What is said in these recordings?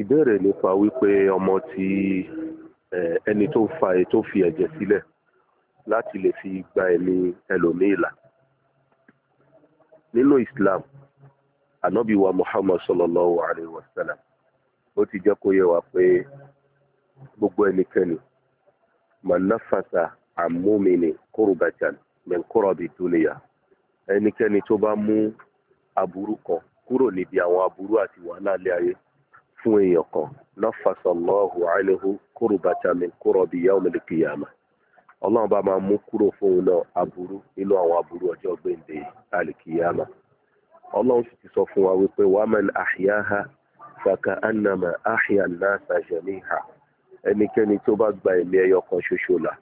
ìbéèrè nípa wípé ọmọ tí ẹni tó fa tó fi ẹ̀jẹ̀ sílẹ̀ láti lè fi gba ẹ̀mí ẹlòmíì là nínú Islam anabi wa Muhammad sallallahu alayhi wa sallam ó ti jẹ́ kó yẹ wá pé gbogbo ẹnikẹ́ni manafasa amúmini kúrúbàjàn mẹ́kúrọ̀bì dúnìyà ẹnikẹ́ni tó bá mú aburú kan kúrò níbi àwọn aburú àti wàhálà ilé ayé fún èèyàn kan nafasallahu anhu kurbatan min kurabi yawmil qiyamah ọlọ́run bá máa mú kúrò fóun náà aburú nínú àwọn aburú ọjọ́ gbèǹde alikiyama ọlọ́run sì ti sọ fún wa wípé waman ahyaha faka anama ahya nasa jamiha ẹnikẹ́ni tó bá gba ẹ̀mí ẹyọ kan ṣoṣo là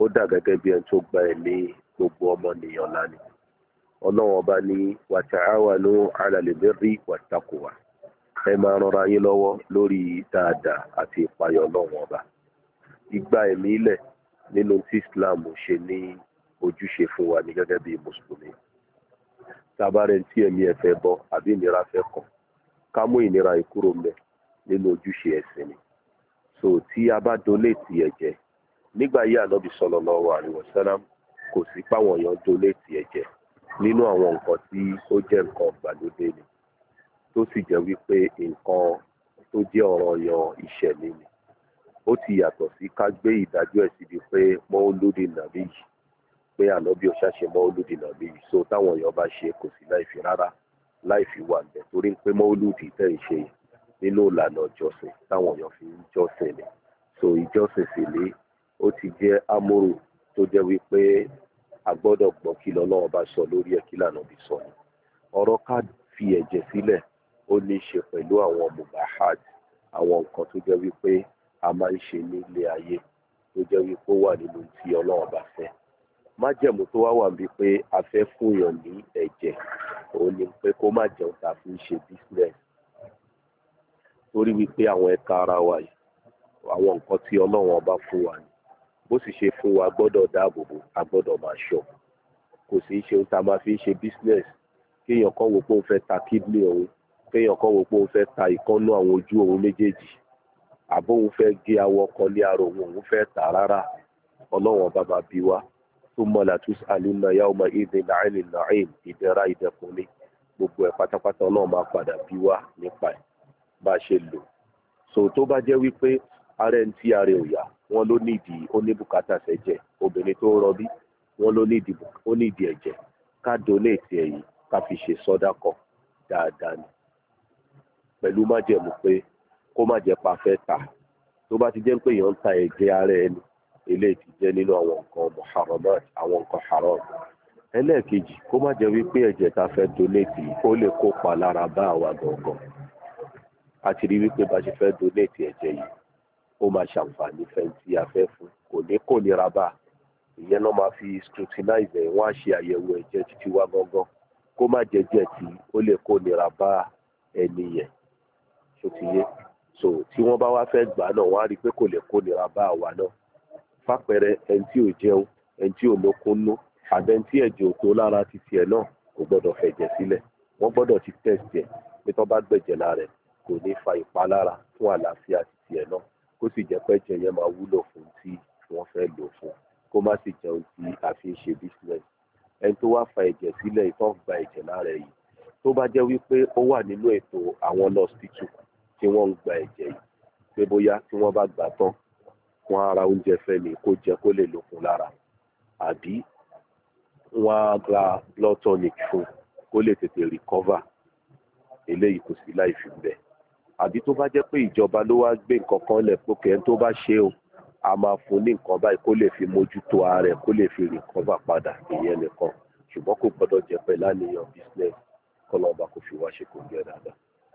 ó dà gẹ́gẹ́ bí ẹni gbogbo lánìí ọlọ́run ọba ní wàtàkùwà ẹ máa ranra yín lọ́wọ́ lórí dáadáa àti ìpayọ̀ ọlọ́run ọba ìgbà ẹ̀mí ilẹ̀ nínú tí Islam ṣe ní ojúṣe fún wa ní gẹ́gẹ́ bí mùsùlùmí tabarẹ̀ tí ẹ̀mí ẹ̀ fẹ́ bọ́ àbí ìnira fẹ́ kàn ká mú ìnira ìkúrò mẹ́ nínú ojúṣe ẹ̀sìn ni so tí a bá donate ẹ̀jẹ̀ nígbà yí ànábì sallallahu alaihi wasallam kò sí páwọn èèyàn donate ẹ̀jẹ̀ nínú àwọn nǹkan tí ó jẹ́ nǹkan ìgbàlódé ni tó sì jẹ́ wípé nǹkan tó jẹ́ ọ̀rọ̀ yan ìṣẹ̀lẹ̀ ni ó ti yàtọ̀ sí ká gbé ìdájọ́ ẹ̀ síbi pé mọ́ọ́lódì nàbí yìí pé ànábì ọ̀ṣà ṣe mọ́ọ́lódì nàbí yìí so táwọn èèyàn bá ṣe kò sí láìfi rárá láìfi wà níbẹ̀ torí pé mọ́ọ́lódì tẹ̀ ń ṣe nínú ìlànà ìjọsìn táwọn èèyàn fi ń jọ́sìn ni so ìjọsìn sì ni ó ti jẹ́ amóru tó jẹ́ wípé a gbọ́dọ̀ gbọ́ kí lọ́lọ́wọ́ bá sọ lórí ẹ̀ kí lànà bí sọ ni ọ̀rọ̀ ká fi ẹ̀jẹ̀ sílẹ̀ ó ní í ṣe pẹ̀lú àwọn mubahat àwọn nǹkan tó jẹ́ wípé a máa ń ṣe nílé ayé tó jẹ́ wípé ó wà nínú tí ọlọ́run bá fẹ́ májẹ̀mú tó wá wà bíi pé a fẹ́ fúnyàn ní ẹ̀jẹ̀ òun ni pé kó má jẹun tá a fi ń ṣe business torí wípé àwọn ẹ̀ka ara wa yìí àwọn nǹkan tí ọlọ́run ọba fún wa ni bó sì ṣe fún wa gbọ́dọ̀ dáàbò bò a gbọ́dọ̀ máa ṣọ́ kò sì ṣe ohun tá a máa fi ń ṣe business kéèyàn kan wò pé òun fẹ́ ta kidney òun kéèyàn kọ́ wò pé ta ìkọ́nú àwọn ojú òun méjèèjì àbó òun gé awọ ọkọ ní ara òun òun fẹ́ tà rárá ọlọ́wọ́n bàbá bí wa tó mọ̀ ọmọ ìdè nàìjíríà nàìjíríà gbogbo ẹ pátápátá náà máa padà bí wa nípa bá so tó bá wípé ara ẹni tí ara ò yá wọn ló nídìí ó ní bùkátà obìnrin tó pẹ̀lú májẹ̀mú pé kó má jẹ́ pa fẹ́ ta tó bá ti jẹ́ pé èèyàn ń ta ẹ̀jẹ̀ ara ẹni eléyìí ti jẹ́ nínú àwọn nǹkan muharramat àwọn nǹkan haram ẹlẹ́ẹ̀kejì kó má jẹ́ wípé ẹ̀jẹ̀ ta fẹ́ donate ó lè kópa lára bá àwa gangan a ti rí wípé bá ṣe fẹ́ donate ẹ̀jẹ̀ yìí ó máa ṣàǹfààní fẹ́ntì afẹ́ fún kò ní kò nira bá ìyẹn náà máa fi scrutinize ẹ̀ wọ́n á ṣe àyẹ̀wò ẹ̀jẹ̀ títí wá gangan kó má jẹ́ jẹ́ tí ó lè kó nira bá ẹni yẹn tó ti yé so tí wọ́n bá wá fẹ́ gbà náà wọ́n á rí i pé kò lè kó nira bá àwa náà fàpẹẹrẹ ẹni tí ò jẹun ẹni tí ò lókónú àbẹ́ni tí ẹ̀jẹ̀ ò tó lára ti tiẹ̀ náà kò gbọ́dọ̀ fẹ̀jẹ̀ sílẹ̀ wọ́n gbọ́dọ̀ ti tẹ̀sì ẹ̀ pé tó bá gbẹ̀jẹ̀ lára rẹ̀ kò ní fa ìpalára fún àlàáfíà ti tiẹ̀ náà kó sì jẹ́ pé ẹ̀jẹ̀ yẹn máa wúlò fún tí wọ́n fẹ́ lò fún kó má sì jẹun tí a fi ń ṣe business ẹni tó wá fa ẹ̀jẹ̀ sílẹ̀ ìtọ́ gba ẹ̀jẹ̀ lára yìí tó bá jẹ́ wípé ó wà nínú ètò àwọn lọ́sítítù tí wọ́n ń gba ẹ̀jẹ̀ yìí pé bóyá tí wọ́n bá gbà tán wọ́n á ra oúnjẹ fẹ́ni kó jẹ kó lè lókun lára àbí wọ́n á ra blood tonic fún kó lè tètè recover eléyìí kò sí láì fi bẹ́ẹ̀ àbí tó bá jẹ́ pé ìjọba ló wá gbé nǹkan kan lẹ̀ pé kẹ́hìn tó bá ṣe o a máa fún ní nǹkan báyìí kó lè fi mójútó ara kó lè fi recover padà ìyẹn nìkan ṣùgbọ́n kò gbọ́dọ̀ jẹ́ pẹ̀lú àníyàn business kọ́lọ́ọ̀bá kò fi wá ṣe kò gẹ́ dáadáa.